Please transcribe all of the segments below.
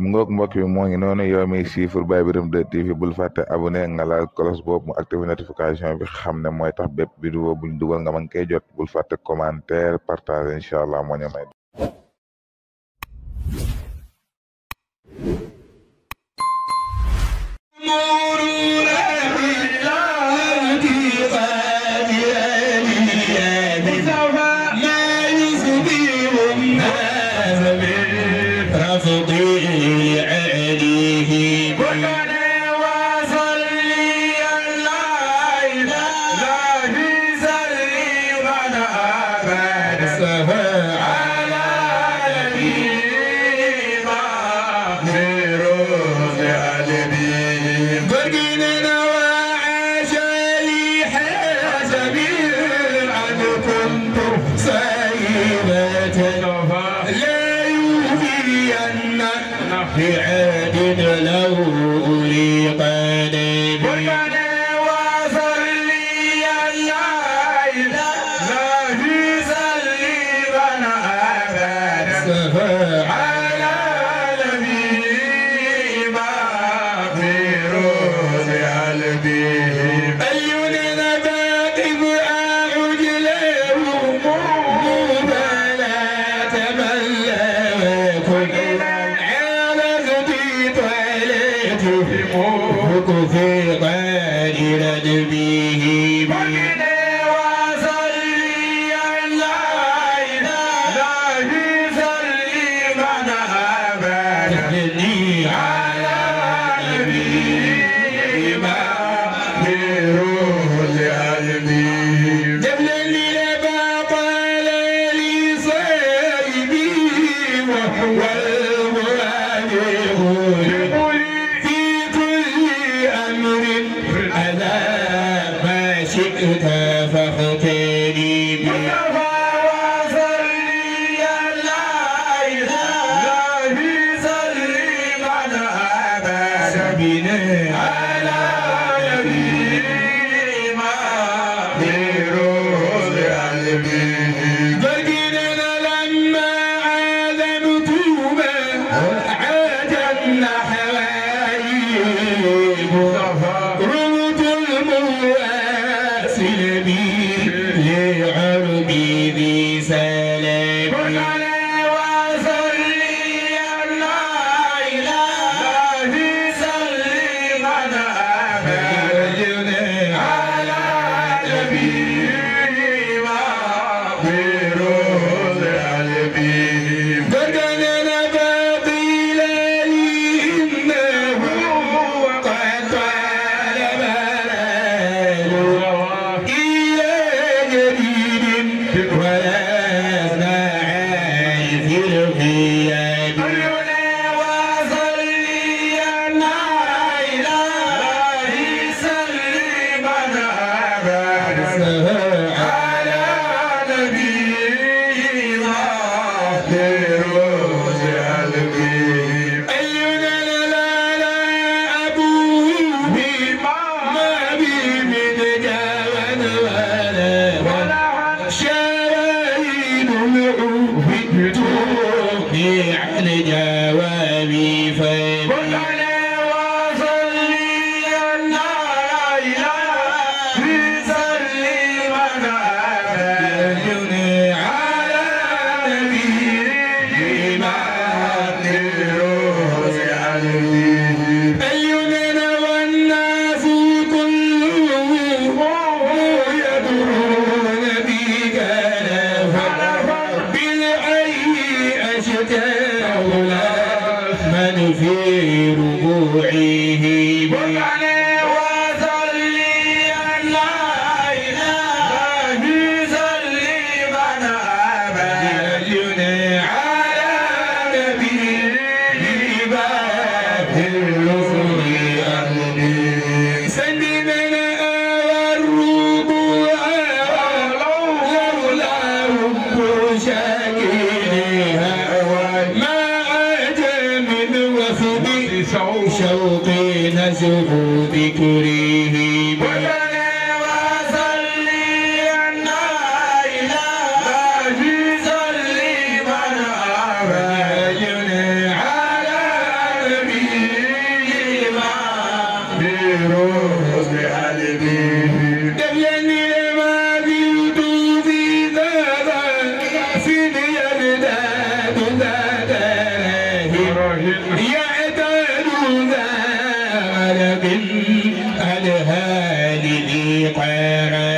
mu ngoog mbokk bi moo ngi noonu yow mi siifur Baye Birame 2 TV bul fàtte abonné nga laal cloche boobu mu activé notification bi xam ne mooy tax bépp vidéo buñ dugal nga mën koy jot bul fàtte commentaire partage incha allah moo ñu may تلوفا لا يوفي أنك في عين Okay, the bad, you the it إلا حي way. President. quere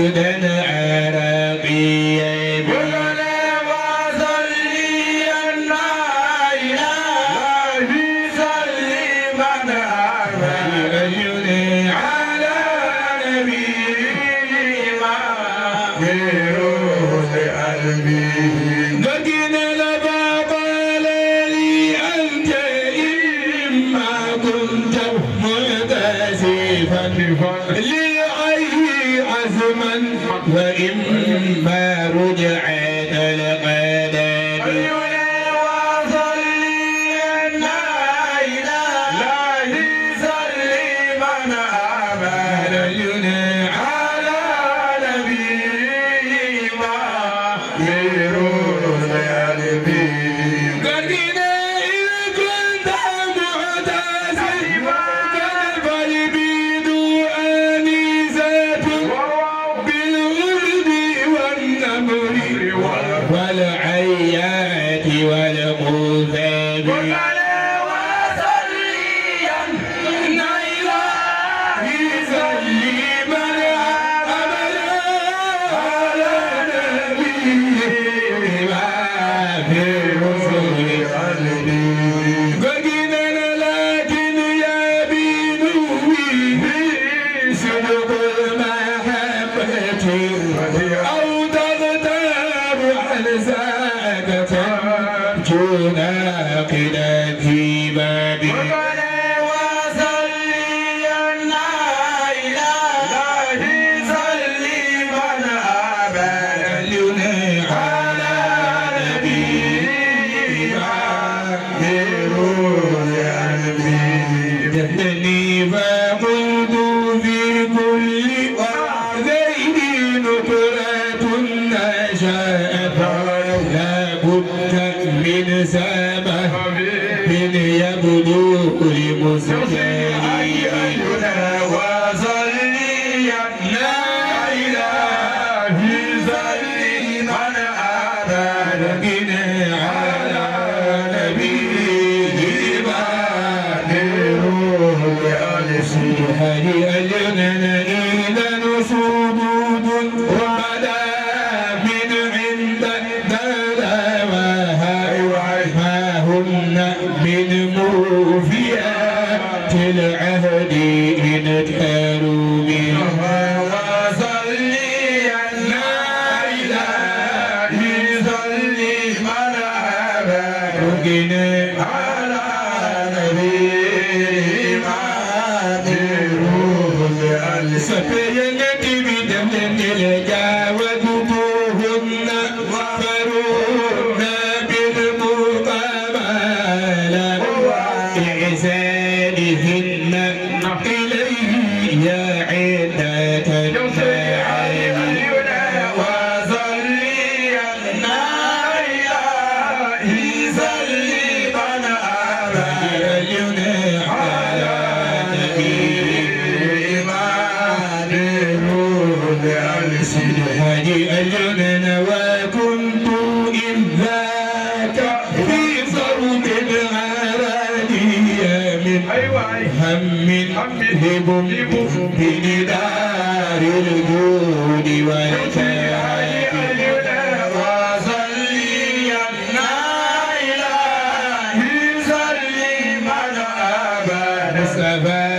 مجدا عربيا بلنا وصلي أنا إلهي صلي من أرى على نبي ما بروح قلبي لأي عزما وإما رجعا كنا من موفيات العهد إن تهاب يلهب بندار الجود والكيان وصلي يا إلهي صلي من أبى